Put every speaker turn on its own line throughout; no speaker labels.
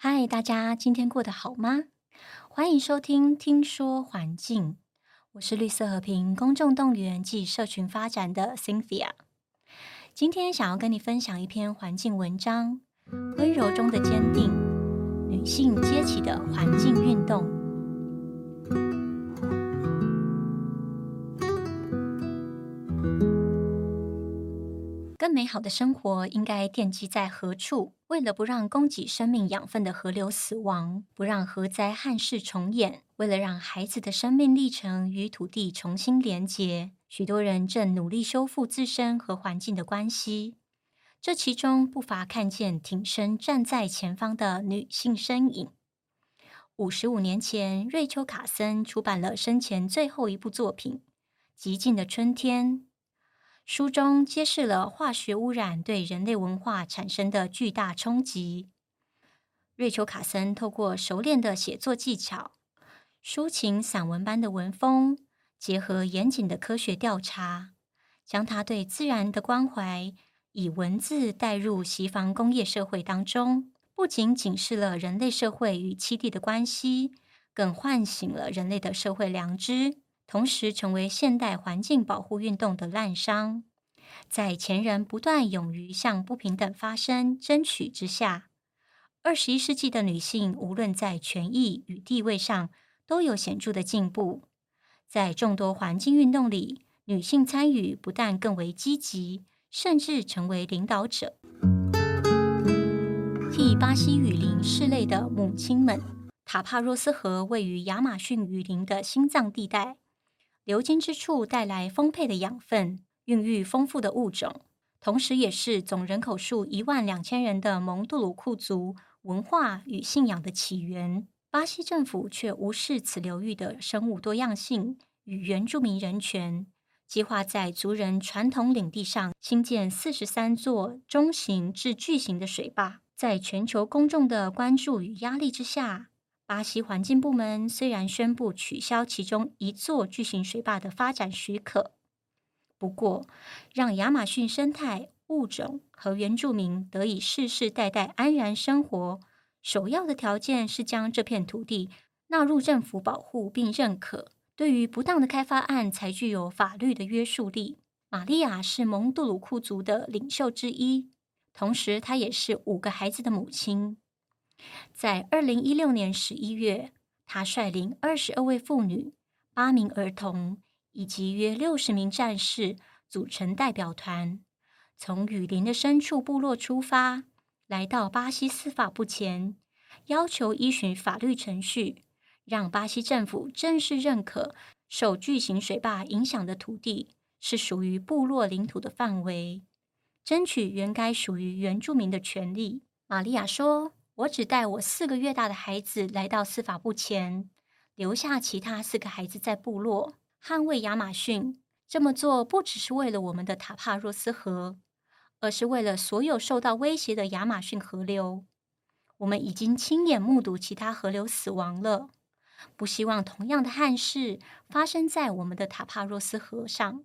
嗨，大家，今天過得好嗎？歡迎收聽《聽說環境》，我是綠色和平公眾動員及社群發展的 Cynthia，今天想要跟你分享一篇環境文章，《溫柔中的堅定：女性揭起的環境運動》。美好的生活應該奠基在何處？為了不讓供給生命養分的河流死亡，不讓核災憾事重演，為了讓孩子的生命歷程與土地重新連結，許多人正努力修復自身和環境的關係。這其中不乏看見挺身站在前方的女性身影。五十五年前，瑞秋·卡森出版了生前最後一部作品《寂靜的春天》。書中揭示了化學污染對人類文化產生的巨大衝擊。瑞秋·卡森透過熟練的寫作技巧、抒情散文般的文風，結合嚴謹的科學調查，將他對自然的關懷以文字帶入西方工業社會當中，不僅警示了人類社會與棲地的關係，更喚醒了人類的社會良知。同時，成為現代環境保護運動的濫觴。在前人不斷勇於向不平等發聲、爭取之下，二十一世紀的女性無論在權益與地位上都有顯著的進步。在眾多環境運動裡，女性參與不但更為積極，甚至成為領導者。替巴西雨林拭淚的母親們，塔帕若斯河位於亞馬遜雨林的心臟地帶。流經之處帶來豐沛的養分，孕育豐富的物種，同時也是總人口數一萬兩千人的蒙杜魯庫族文化與信仰的起源。巴西政府卻無視此流域的生物多樣性與原住民人權，計劃在族人傳統領地上興建四十三座中型至巨型的水壩。在全球公眾的關注與壓力之下，巴西環境部門雖然宣布取消其中一座巨型水壩的發展許可，不過讓亞馬遜生態物種和原住民得以世世代代安然生活，首要的條件是將這片土地納入政府保護並認可，對於不當的開發案才具有法律的約束力。瑪利亞是蒙杜魯庫族的領袖之一，同時她也是五個孩子的母親。在二零一六年十一月，她率領二十二位婦女、八名兒童以及約六十名戰士組成代表團，從雨林的深處部落出發，來到巴西司法部前，要求依循法律程序，讓巴西政府正式認可受巨型水壩影響的土地是屬於部落領土的範圍，爭取原該屬於原住民的權利。瑪利亞說。我只帶我四個月大的孩子來到司法部前，留下其他四個孩子在部落捍衛亞馬遜。這麼做不只是為了我們的塔帕若斯河，而是為了所有受到威脅的亞馬遜河流。我們已經親眼目睹其他河流死亡了，不希望同樣的憾事發生在我們的塔帕若斯河上。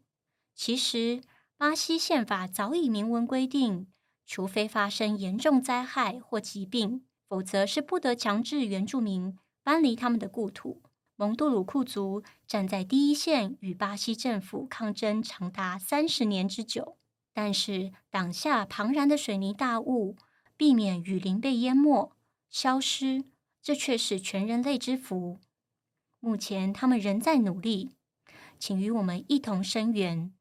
其實，巴西憲法早已明文規定。除非發生嚴重災害或疾病，否則是不得強制原住民搬離他們的故土。蒙杜魯庫族站在第一線，與巴西政府抗爭長達三十年之久。但是擋下龐然的水泥大物，避免雨林被淹沒、消失，這卻是全人類之福。目前他們仍在努力，請與我們一同聲援。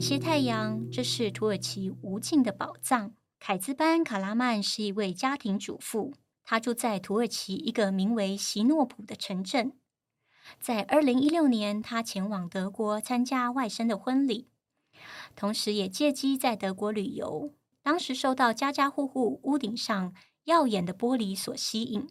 謝太陽，這是土耳其無盡的寶藏。凱茲班卡拉曼是一位家庭主婦，她住在土耳其一個名為席諾普的城鎮。在二零一六年，她前往德國參加外甥的婚禮，同時也借機在德國旅遊。當時受到家家戶戶屋，屋頂上耀眼的玻璃所吸引，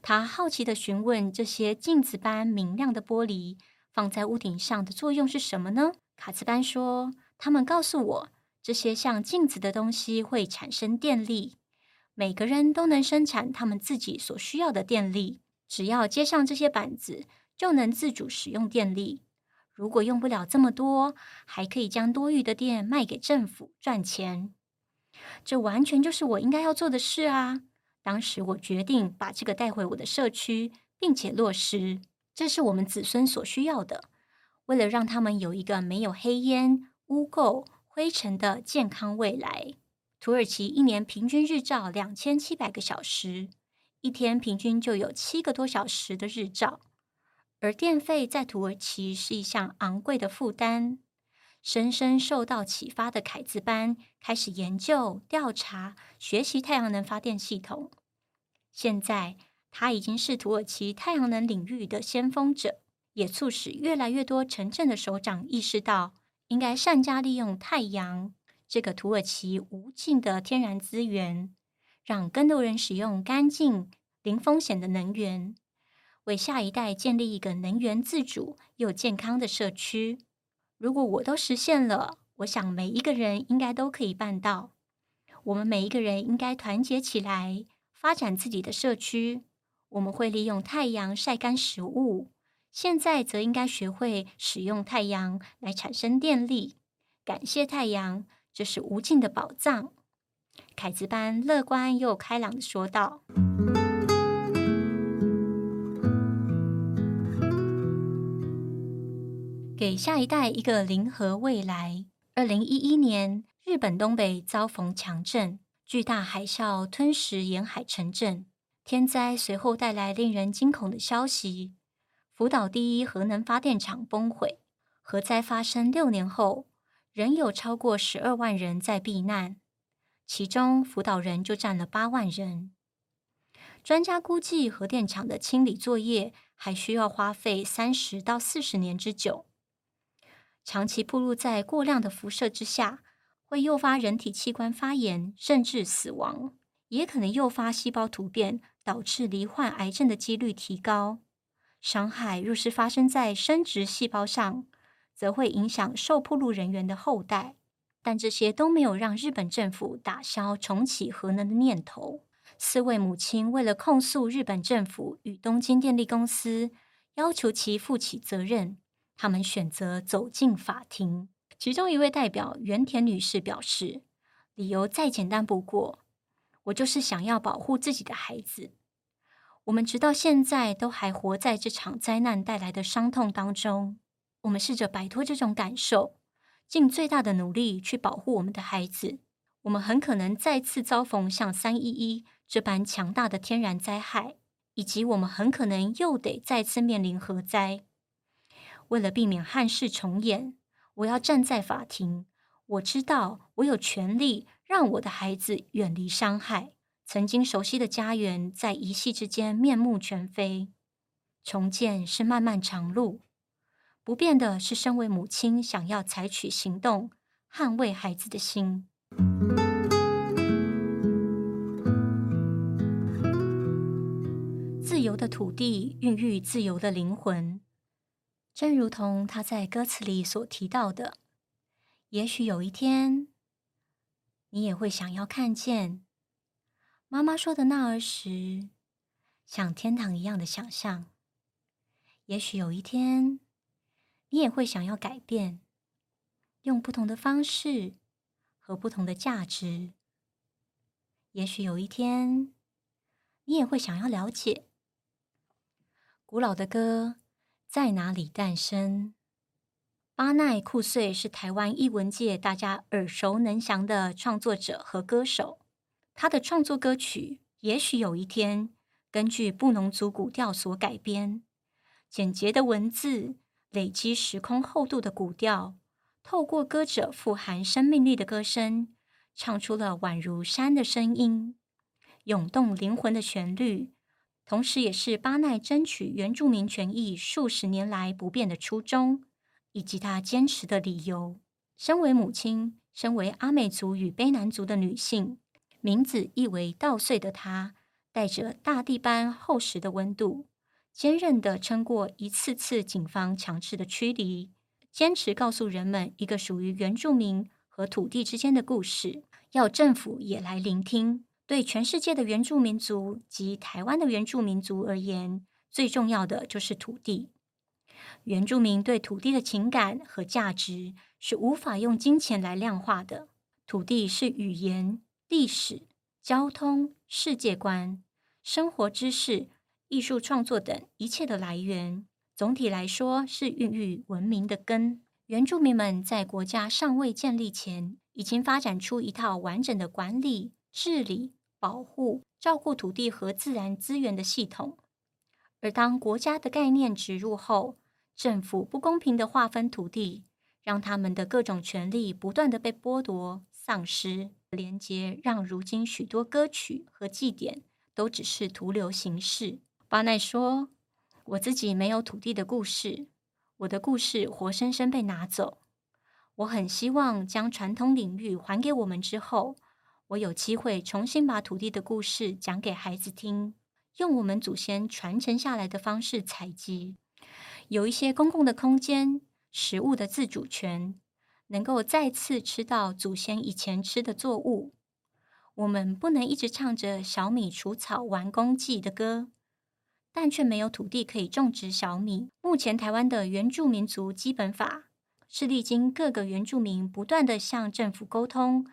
她好奇的詢問：這些鏡子般明亮的玻璃放在屋頂上的作用是什麼呢？卡茨班說：“他們告訴我，這些像鏡子的東西會產生電力。每個人都能生產他們自己所需要的電力，只要接上這些板子，就能自主使用電力。如果用不了這麼多，還可以將多餘的電賣給政府賺錢。這完全就是我應該要做的事啊！當時我決定把這個帶回我的社區，並且落實。這是我們子孫所需要的。”為了讓他們有一個沒有黑煙、污垢、灰塵的健康未來，土耳其一年平均日照兩千七百個小時，一天平均就有七個多小時的日照。而電費在土耳其是一項昂貴的負擔。深深受到啟發的凱茲班開始研究、調查、學習太陽能發電系統。現在，她已經是土耳其太陽能領域的先鋒者。也促使越來越多城鎮的首長意識到，應該善加利用太陽這個土耳其無盡的天然資源，讓更多人使用乾淨、零風險的能源，為下一代建立一個能源自主又健康的社區。如果我都實現了，我想每一個人應該都可以辦到。我們每一個人應該團結起來，發展自己的社區。我們會利用太陽曬乾食物。現在則應該學會使用太陽來產生電力。感謝太陽，這是無盡的寶藏。凱茲班樂觀又開朗地說道：“給下一代一個零核未來。”二零一一年，日本東北遭逢強震，巨大海嘯吞噬沿海城鎮，天災隨後帶來令人驚恐的消息。福島第一核能發電廠崩毀，核災發生六年後，仍有超過十二萬人在避難，其中福島人就占了八萬人。專家估計，核電廠的清理作業還需要花費三十到四十年之久。長期暴露在過量的輻射之下，會誘發人體器官發炎，甚至死亡，也可能誘發細胞突變，導致罹患癌症的幾率提高。傷害若是發生在生殖細胞上，則會影響受曝露人員的後代。但這些都沒有讓日本政府打消重啟核能的念頭。四位母親為了控訴日本政府與東京電力公司，要求其負起責任，他們選擇走進法庭。其中一位代表原田女士表示：“理由再簡單不過，我就是想要保護自己的孩子。”我們直到現在都還活在這場災難帶來的傷痛當中。我們試着擺脫這種感受，盡最大的努力去保護我們的孩子。我們很可能再次遭逢像三一一這般強大的天然災害，以及我們很可能又得再次面臨核災。為了避免憾事重演，我要站在法庭。我知道我有權利讓我的孩子遠離傷害。曾經熟悉的家園，在一夕之間面目全非。重建是漫漫長路，不變的是身為母親想要採取行動，捍衛孩子的心。自由的土地孕育自由的靈魂，正如同他在歌詞裡所提到的，也許有一天，你也會想要看見。媽媽說的那兒時，像天堂一樣的想象。也許有一天，你也會想要改變，用不同的方式和不同的價值。也許有一天，你也會想要了解古老的歌在哪裡誕生。巴奈庫穗是台灣藝文界大家耳熟能詳的創作者和歌手。他的創作歌曲，也許有一天根據布農族古調所改編，簡潔的文字累積時空厚度的古調，透過歌者富含生命力的歌聲，唱出了宛如山的聲音，湧動靈魂的旋律，同時也是巴奈爭取原住民權益數十年來不變的初衷，以及他堅持的理由。身為母親，身為阿美族與卑南族的女性。名字意為稻穗的他，帶着大地般厚實的溫度，堅韌地撐過一次次警方強制的驅離，堅持告訴人們一個屬於原住民和土地之間的故事，要政府也來聆聽。對全世界的原住民族及台灣的原住民族而言，最重要的就是土地。原住民對土地的情感和價值是無法用金錢來量化的，土地是語言。歷史、交通、世界觀、生活知識、藝術創作等一切的來源，總體來說是孕育文明的根。原住民們在國家尚未建立前，已經發展出一套完整的管理、治理、保護、照顧土地和自然資源的系統。而當國家的概念植入後，政府不公平地劃分土地，讓他們的各種權利不斷地被剝奪、喪失。連接讓如今許多歌曲和祭典都只是徒留形式。巴奈說：“我自己沒有土地的故事，我的故事活生生被拿走。我很希望將傳統領域還給我們之後，我有機會重新把土地的故事講給孩子聽，用我們祖先傳承下來的方式採集。有一些公共的空間，食物的自主權。”能夠再次吃到祖先以前吃的作物。我們不能一直唱着小米除草完工祭的歌，但卻沒有土地可以種植小米。目前台灣的原住民族基本法是歷經各個原住民不斷地向政府溝通，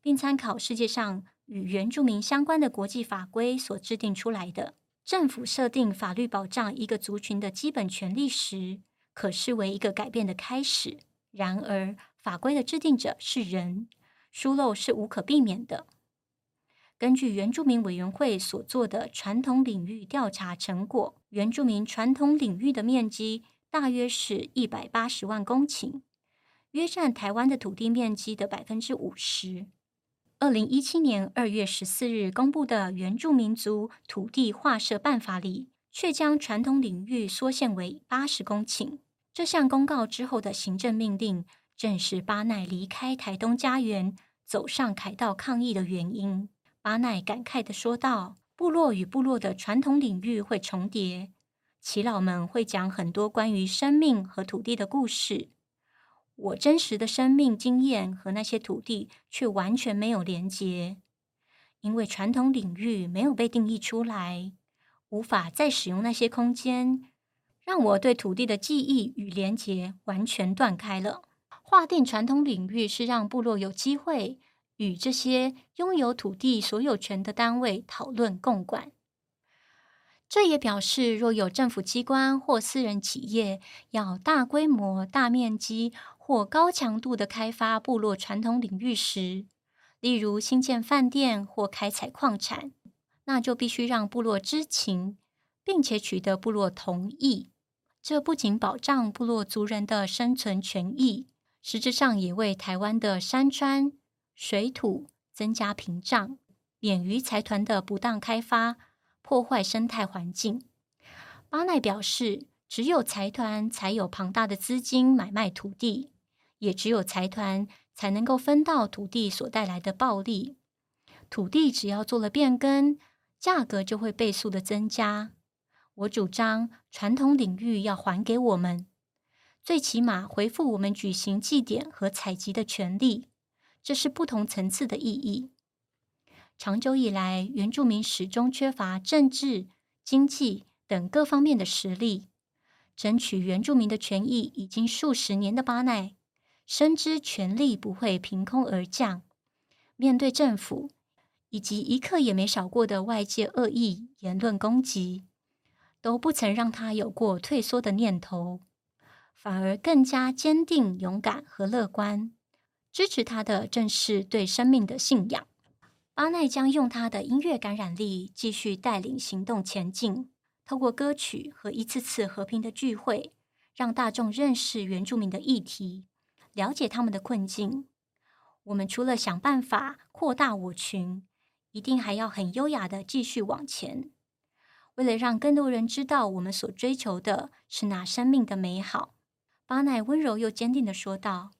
並參考世界上與原住民相關的國際法規所制定出來的。政府設定法律保障一個族群的基本權利時，可視為一個改變的開始。然而，法規的制定者是人，疏漏是無可避免的。根據原住民委員會所做的傳統領域調查成果，原住民傳統領域的面積大約是一百八十萬公頃，約占臺灣的土地面積的百分之五十。二零一七年二月十四日公布的《原住民族土地劃設辦法》裡，卻將傳統領域縮限為八十公頃。這項公告之後的行政命令。正是巴奈離開台東家園，走上凱道抗議的原因。巴奈感慨地說道：“部落與部落的傳統領域會重疊，耆老們會講很多關於生命和土地的故事。我真實的生命經驗和那些土地卻完全沒有連接，因為傳統領域沒有被定義出來，無法再使用那些空間，讓我對土地的記憶與連結完全斷開了。”劃定傳統領域是讓部落有機會與這些擁有土地所有權的單位討論共管。這也表示，若有政府機關或私人企業要大規模、大面積或高強度的開發部落傳統領域時，例如新建飯店或開採礦產，那就必須讓部落知情，並且取得部落同意。這不僅保障部落族人的生存權益。實質上也為台灣的山川水土增加屏障，免於財團的不當開發破壞生態環境。巴奈表示，只有財團才有龐大的資金買賣土地，也只有財團才能夠分到土地所帶來的暴利。土地只要做了變更，價格就會倍速的增加。我主張傳統領域要還給我們。最起碼回復我們舉行祭典和採集的權利，這是不同層次的意義。長久以來，原住民始終缺乏政治、經濟等各方面的實力，爭取原住民的權益已經數十年的巴奈，深知權力不會憑空而降。面對政府以及一刻也沒少過的外界惡意言論攻擊，都不曾讓她有過退縮的念頭。反而更加堅定、勇敢和樂觀。支持他的正是對生命的信仰。巴奈將用他的音樂感染力繼續帶領行動前進，透過歌曲和一次次和平的聚會，讓大眾認識原住民的議題，了解他們的困境。我們除了想辦法擴大我群，一定還要很優雅的繼續往前。為了讓更多人知道，我們所追求的是那生命的美好。巴奈溫柔又堅定地說道：“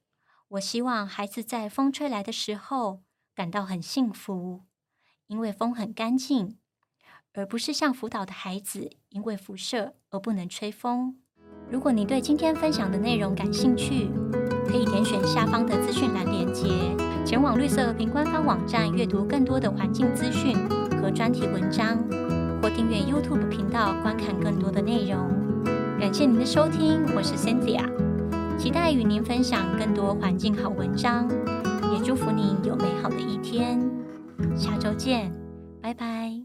我希望孩子在風吹來的時候感到很幸福，因為風很乾淨，而不是像福島的孩子因為輻射而不能吹風。如果你對今天分享的內容感興趣，可以點選下方的資訊欄鏈接，前往綠色和平官方網站閱讀更多的環境資訊和專題文章，或訂閱 YouTube 頻道觀看更多的內容。”感謝您的收聽，我是 Cynthia，期待與您分享更多環境好文章，也祝福您有美好的一天。下周見，拜拜。